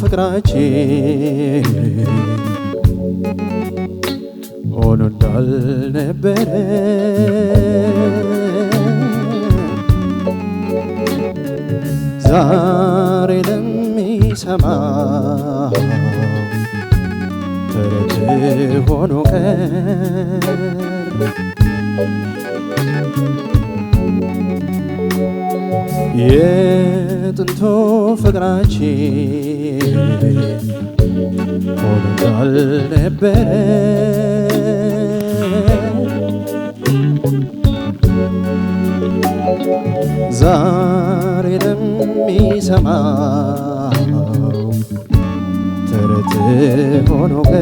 ፍቅራችን ሆኖ እንዳልነበረ ዛሬ ለሚሰማ ተረት ሆኖ ቀር ጥንቶ ፍቅራችን ሆኖታል ነበረ ዛሬ ለሚሰማው ተረት ሆኖ ገ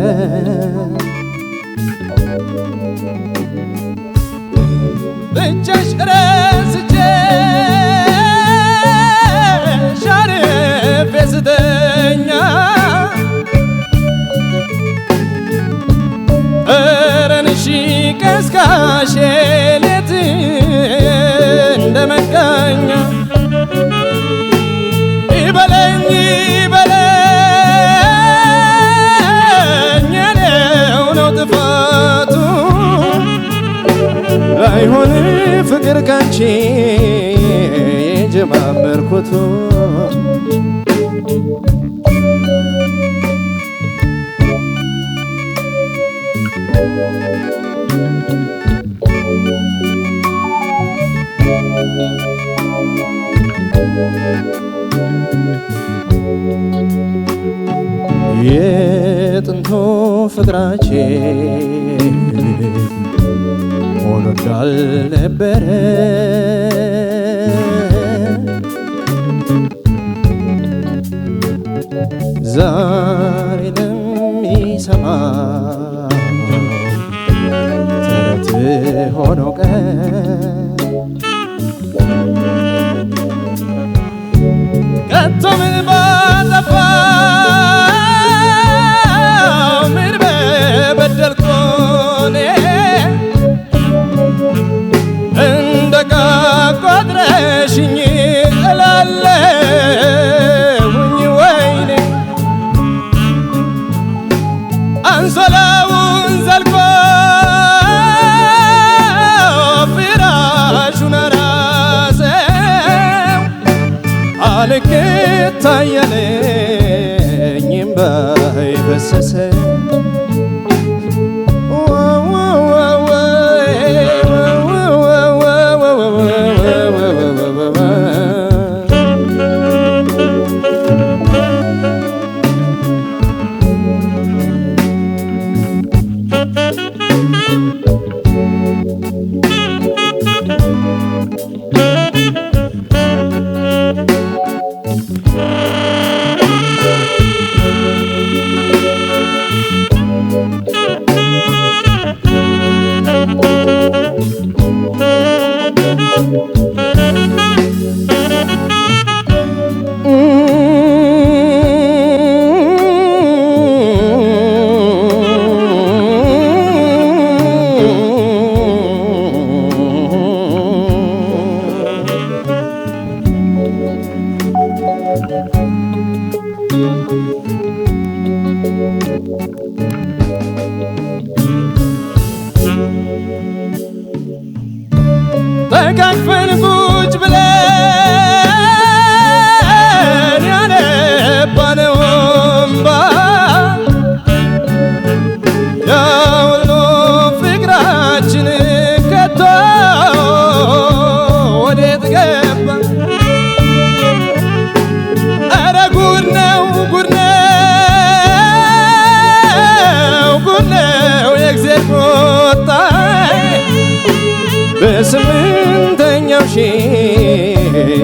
ነጋሽ ሌት እንደ መቃኛ ይበለኝ ይበለኝ ነው ጥፋቱ ላይሆን ፍቅር ካንቺ የጀማመርኩቱ Thank የጥንቶ ፍቅራቼ ሆኖ እንዳልነበረ ዛሬንም ይሰማል ሆኖ ቀረ ከቶም ባለፈ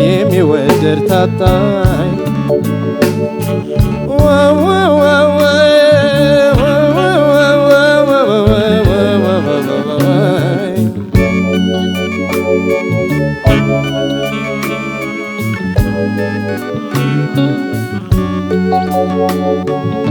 የሚወደድ ታጣኝ Thank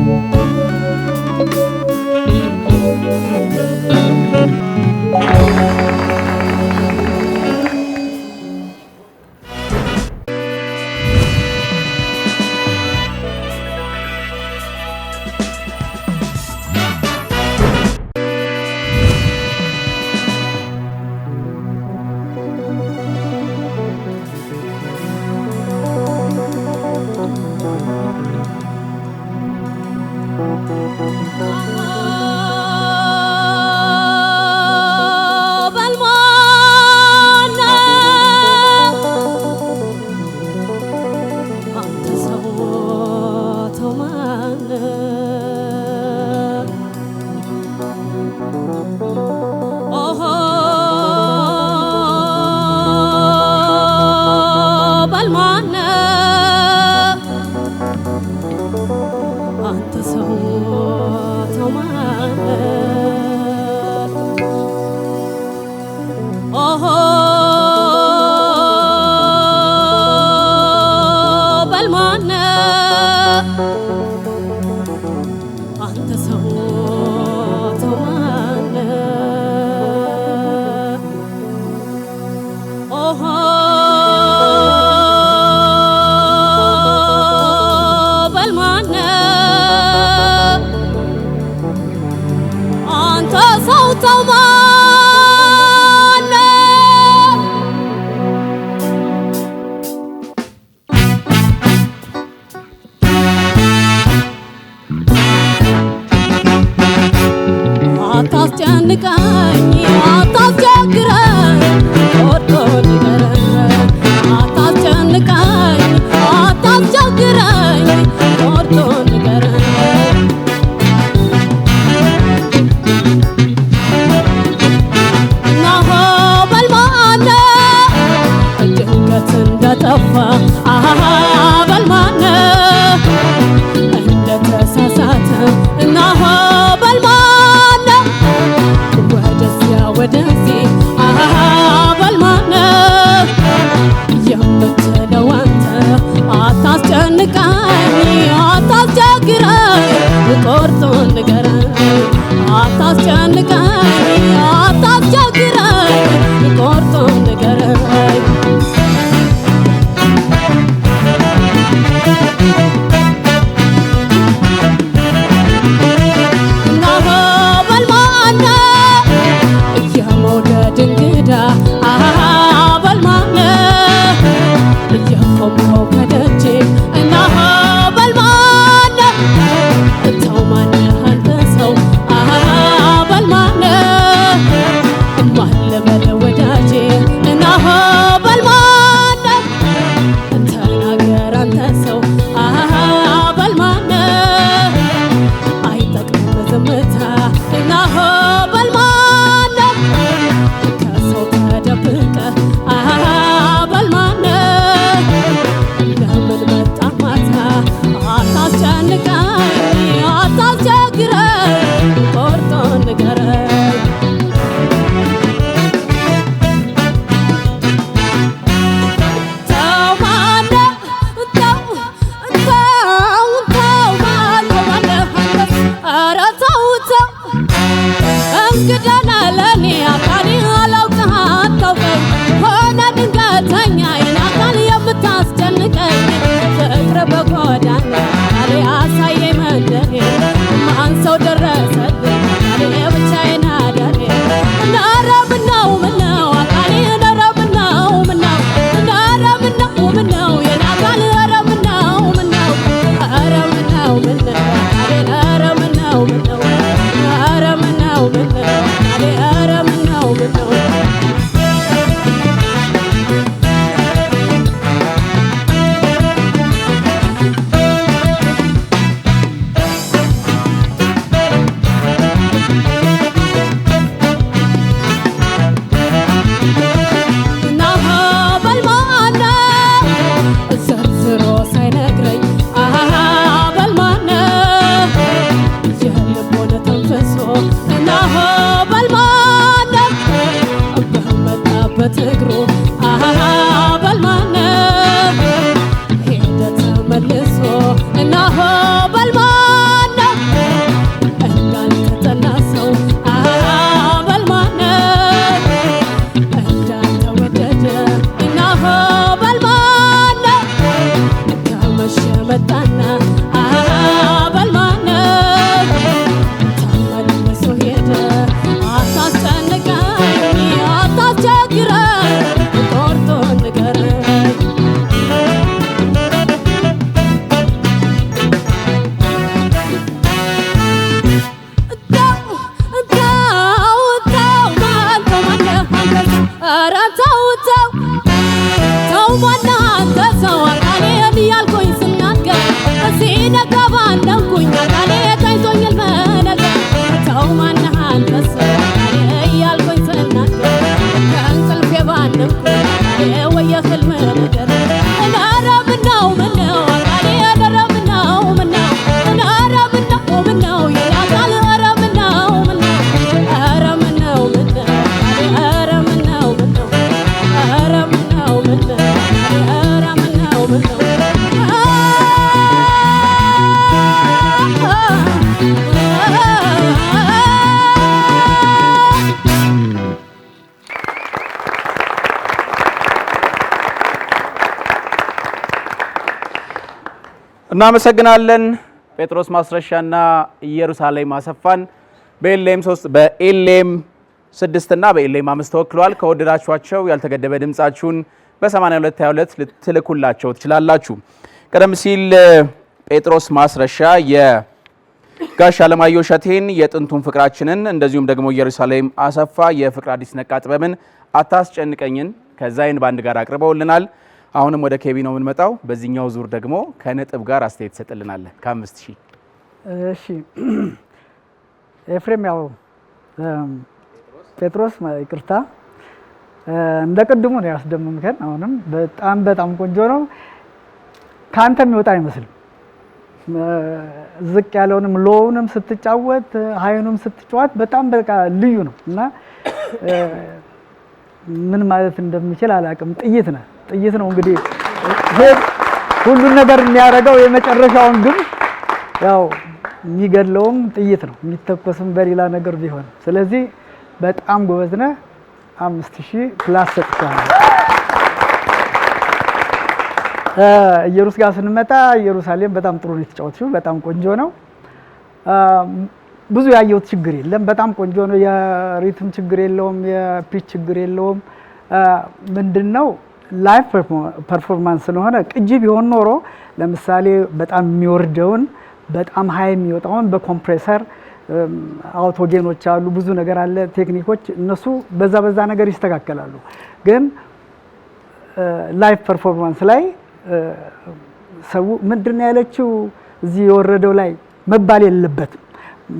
አልቃኝ አጣ ሞገድ እናመሰግናለን። ጴጥሮስ ማስረሻና ኢየሩሳሌም አሰፋን በኤልኤም 3 በኤልኤም 6 እና በኤልኤም 5 ተወክለዋል። ከወደዳችኋቸው ያልተገደበ ድምጻችሁን በ8222 ልትልኩላቸው ትችላላችሁ። ቀደም ሲል ጴጥሮስ ማስረሻ የጋሽ አለማየሁ እሸቴን የጥንቱን ፍቅራችንን እንደዚሁም ደግሞ ኢየሩሳሌም አሰፋ የፍቅር አዲስ ነቃ ጥበብን አታስጨንቀኝን ከዛይን ባንድ ጋር አቅርበውልናል። አሁንም ወደ ኬቢ ነው የምንመጣው። በዚህኛው ዙር ደግሞ ከነጥብ ጋር አስተያየት ትሰጥልናለ ከአምስት ሺህ እሺ ኤፍሬም ያው ጴጥሮስ ይቅርታ እንደ ቅድሙ ነው ያስደምምከን። አሁንም በጣም በጣም ቆንጆ ነው። ከአንተ የሚወጣ አይመስልም። ዝቅ ያለውንም ሎውንም ስትጫወት ሀይኑም ስትጫወት በጣም በቃ ልዩ ነው እና ምን ማለት እንደምችል አላውቅም። ጥይት ነህ ጥይት ነው እንግዲህ ሁሉን ነገር የሚያደርገው የመጨረሻውን ግን ያው የሚገድለውም ጥይት ነው የሚተኮስም በሌላ ነገር ቢሆን። ስለዚህ በጣም ጎበዝ ነህ። አምስት ሺህ ፕላስ ሰጥቻለሁ። ኢየሩስ ጋር ስንመጣ ኢየሩሳሌም በጣም ጥሩ ነው የተጫወተችው። በጣም ቆንጆ ነው። ብዙ ያየሁት ችግር የለም። በጣም ቆንጆ ነው። የሪትም ችግር የለውም። የፒች ችግር የለውም። ምንድን ነው ላይቭ ፐርፎርማንስ ስለሆነ ቅጂ ቢሆን ኖሮ ለምሳሌ በጣም የሚወርደውን በጣም ሀይ የሚወጣውን በኮምፕሬሰር አውቶጌኖች አሉ፣ ብዙ ነገር አለ፣ ቴክኒኮች እነሱ በዛ በዛ ነገር ይስተካከላሉ። ግን ላይቭ ፐርፎርማንስ ላይ ሰው ምንድን ነው ያለችው እዚህ የወረደው ላይ መባል የለበትም።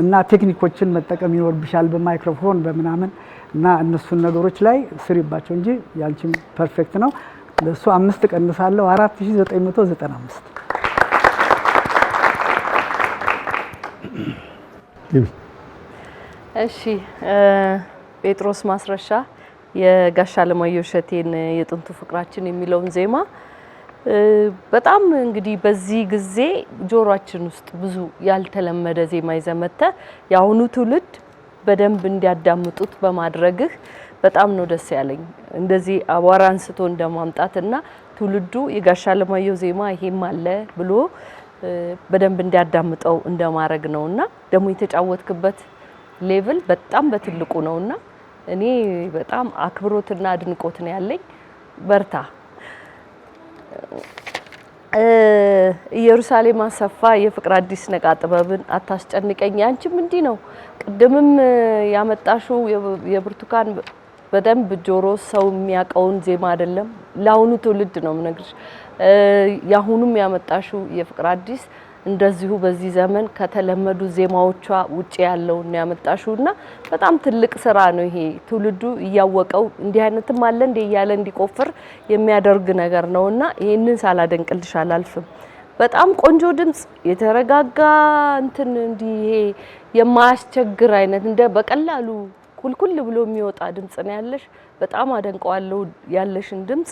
እና ቴክኒኮችን መጠቀም ይኖርብሻል በማይክሮፎን በምናምን እና እነሱን ነገሮች ላይ ስሪባቸው እንጂ ያንቺም ፐርፌክት ነው። ለእሱ አምስት ቀንሳለሁ 4995 እሺ ጴጥሮስ ማስረሻ የጋሻ ለማየሁ እሸቴን የጥንቱ ፍቅራችን የሚለውን ዜማ በጣም እንግዲህ በዚህ ጊዜ ጆሯችን ውስጥ ብዙ ያልተለመደ ዜማ ይዘመተ የአሁኑ ትውልድ በደንብ እንዲያዳምጡት በማድረግህ በጣም ነው ደስ ያለኝ። እንደዚህ አቧራ አንስቶ እንደማምጣት እና ትውልዱ የጋሻ ለማየው ዜማ ይሄም አለ ብሎ በደንብ እንዲያዳምጠው እንደማድረግ ነው እና ደግሞ የተጫወትክበት ሌቭል በጣም በትልቁ ነው እና እኔ በጣም አክብሮትና አድንቆት ነው ያለኝ። በርታ። ኢየሩሳሌም አሰፋ የፍቅር አዲስ ነቃ ጥበብን አታስጨንቀኝ። አንቺም እንዲህ ነው። ቅድምም ያመጣሽው የብርቱካን በደንብ ጆሮ ሰው የሚያውቀውን ዜማ አይደለም፣ ለአሁኑ ትውልድ ነው የምነግርሽ። የአሁኑም ያመጣሽው የፍቅር አዲስ እንደዚሁ በዚህ ዘመን ከተለመዱ ዜማዎቿ ውጭ ያለውን ነው ያመጣሽው እና በጣም ትልቅ ስራ ነው ይሄ። ትውልዱ እያወቀው እንዲህ አይነትም አለ እንዲ እያለ እንዲቆፍር የሚያደርግ ነገር ነው እና ይህንን ሳላደንቅልሽ አላልፍም። በጣም ቆንጆ ድምጽ የተረጋጋ እንትን እንዲህ ይሄ የማያስቸግር አይነት እንደ በቀላሉ ኩልኩል ብሎ የሚወጣ ድምጽ ነው ያለሽ። በጣም አደንቀዋለሁ ያለሽን ድምጽ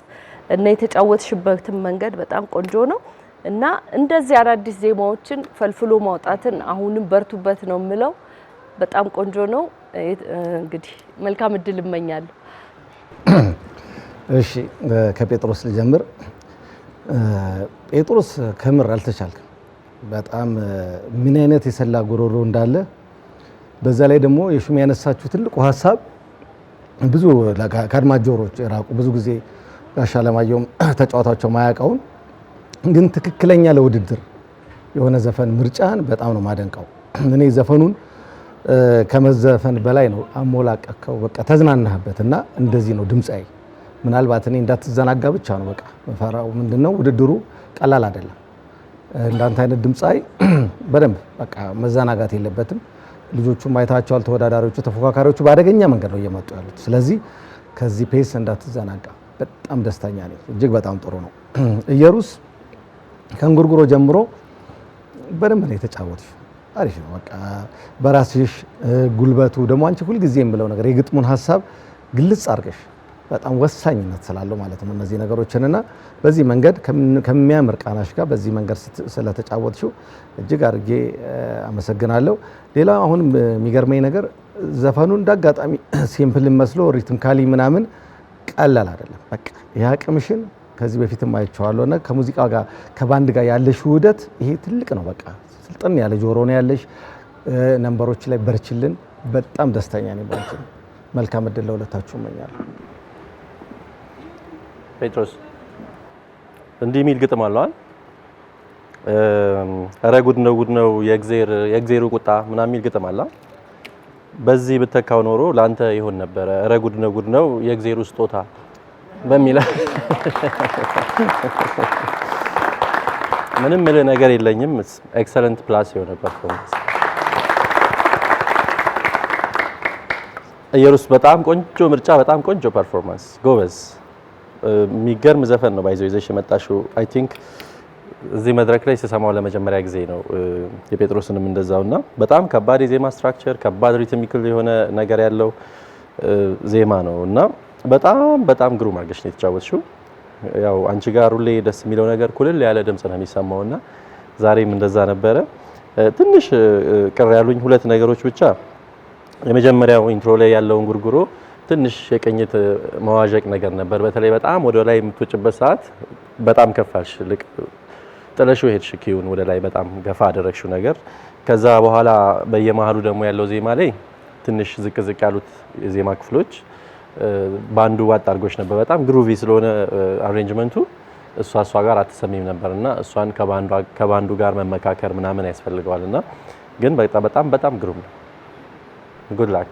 እና የተጫወትሽበትን መንገድ በጣም ቆንጆ ነው። እና እንደዚህ አዳዲስ ዜማዎችን ፈልፍሎ ማውጣትን አሁንም በርቱበት ነው የምለው። በጣም ቆንጆ ነው። እንግዲህ መልካም እድል እመኛለሁ። እሺ ከጴጥሮስ ልጀምር። ጴጥሮስ ከምር አልተቻልክም። በጣም ምን አይነት የሰላ ጉሮሮ እንዳለ በዛ ላይ ደግሞ የሹም ያነሳችሁ ትልቁ ሀሳብ ብዙ ከአድማጭ ጆሮች የራቁ ብዙ ጊዜ ጋሻ ለማየሁም ተጫዋታቸው ማያውቀውን ግን ትክክለኛ ለውድድር የሆነ ዘፈን ምርጫን በጣም ነው ማደንቀው። እኔ ዘፈኑን ከመዘፈን በላይ ነው አሞላቀከው። በቃ ተዝናናህበት እና እንደዚህ ነው ድምፃዬ። ምናልባት እኔ እንዳትዘናጋ ብቻ ነው በቃ መፈራው። ምንድነው ውድድሩ ቀላል አይደለም። እንዳንተ አይነት ድምፃዊ በደንብ በቃ መዘናጋት የለበትም። ልጆቹ ማየታቸዋል ተወዳዳሪዎቹ፣ ተፎካካሪዎቹ በአደገኛ መንገድ ነው እየመጡ ያሉት። ስለዚህ ከዚህ ፔስ እንዳትዘናጋ። በጣም ደስተኛ ነኝ። እጅግ በጣም ጥሩ ነው። እየሩስ ከእንጉርጉሮ ጀምሮ በደንብ ነው የተጫወትሽ። አሪፍ ነው በቃ በራስሽ ጉልበቱ ደግሞ አንቺ ሁልጊዜ የምለው ነገር የግጥሙን ሀሳብ ግልጽ አድርገሽ በጣም ወሳኝነት ስላለው ማለት ነው እነዚህ ነገሮችንና በዚህ መንገድ ከሚያምር ቃናሽ ጋር በዚህ መንገድ ስለተጫወትሽው እጅግ አድርጌ አመሰግናለሁ። ሌላ አሁን የሚገርመኝ ነገር ዘፈኑ እንደ አጋጣሚ ሲምፕል መስሎ ሪትም ካሊ ምናምን ቀላል አይደለም። በቃ የአቅምሽን ከዚህ በፊትም አይቼዋለሁ እና ከሙዚቃ ጋር ከባንድ ጋር ያለሽ ውህደት ይሄ ትልቅ ነው። በቃ ስልጥን ያለ ጆሮ ነው ያለሽ። ነንበሮች ላይ በርችልን። በጣም ደስተኛ ነኝ። ባንቺ መልካም እድል ለሁለታችሁ እመኛለሁ። ጴጥሮስ እንዲህ የሚል ግጥም አለዋል። እረ ጉድ ነው ጉድ ነው የእግዜሩ ቁጣ ምናምን የሚል ግጥም አለ። በዚህ ብተካው ኖሮ ለአንተ ይሆን ነበረ። እረ ጉድ ነው ጉድ ነው የእግዜሩ ስጦታ በሚለው ምንም ምልህ ነገር የለኝም። ኤክሰለንት ፕላስ የሆነ ፐርፎርማንስ ኢየሩስ በጣም ቆንጆ ምርጫ፣ በጣም ቆንጆ ፐርፎርማንስ፣ ጎበዝ። የሚገርም ዘፈን ነው። ባይዞ ይዘሽ የመጣሽው አይ ቲንክ እዚህ መድረክ ላይ ስሰማው ለመጀመሪያ ጊዜ ነው። የጴጥሮስንም እንደዛው እና በጣም ከባድ የዜማ ስትራክቸር፣ ከባድ ሪትሚክል የሆነ ነገር ያለው ዜማ ነው እና በጣም በጣም ግሩም አድርገሽ ነው የተጫወትሽው። ያው አንቺ ጋር ሁሌ ደስ የሚለው ነገር ኩልል ያለ ድምጽ ነው የሚሰማውና ዛሬም እንደዛ ነበረ። ትንሽ ቅር ያሉኝ ሁለት ነገሮች ብቻ፣ የመጀመሪያው ኢንትሮ ላይ ያለውን ጉርጉሮ ትንሽ የቅኝት መዋዠቅ ነገር ነበር። በተለይ በጣም ወደ ላይ የምትወጭበት ሰዓት በጣም ከፋሽ ልቅ ጥለሹ ሄድሽ ኪውን ወደ ላይ በጣም ገፋ አደረግሽው ነገር። ከዛ በኋላ በየመሀሉ ደግሞ ያለው ዜማ ላይ ትንሽ ዝቅ ዝቅ ያሉት የዜማ ክፍሎች ባንዱ ዋጥ አድርጎች ነበር። በጣም ግሩቪ ስለሆነ አሬንጅመንቱ እሷ እሷ ጋር አትሰሚም ነበር እና እሷን ከባንዱ ጋር መመካከር ምናምን ያስፈልገዋል እና ግን በጣም በጣም ግሩም ነው። ጉድ ላክ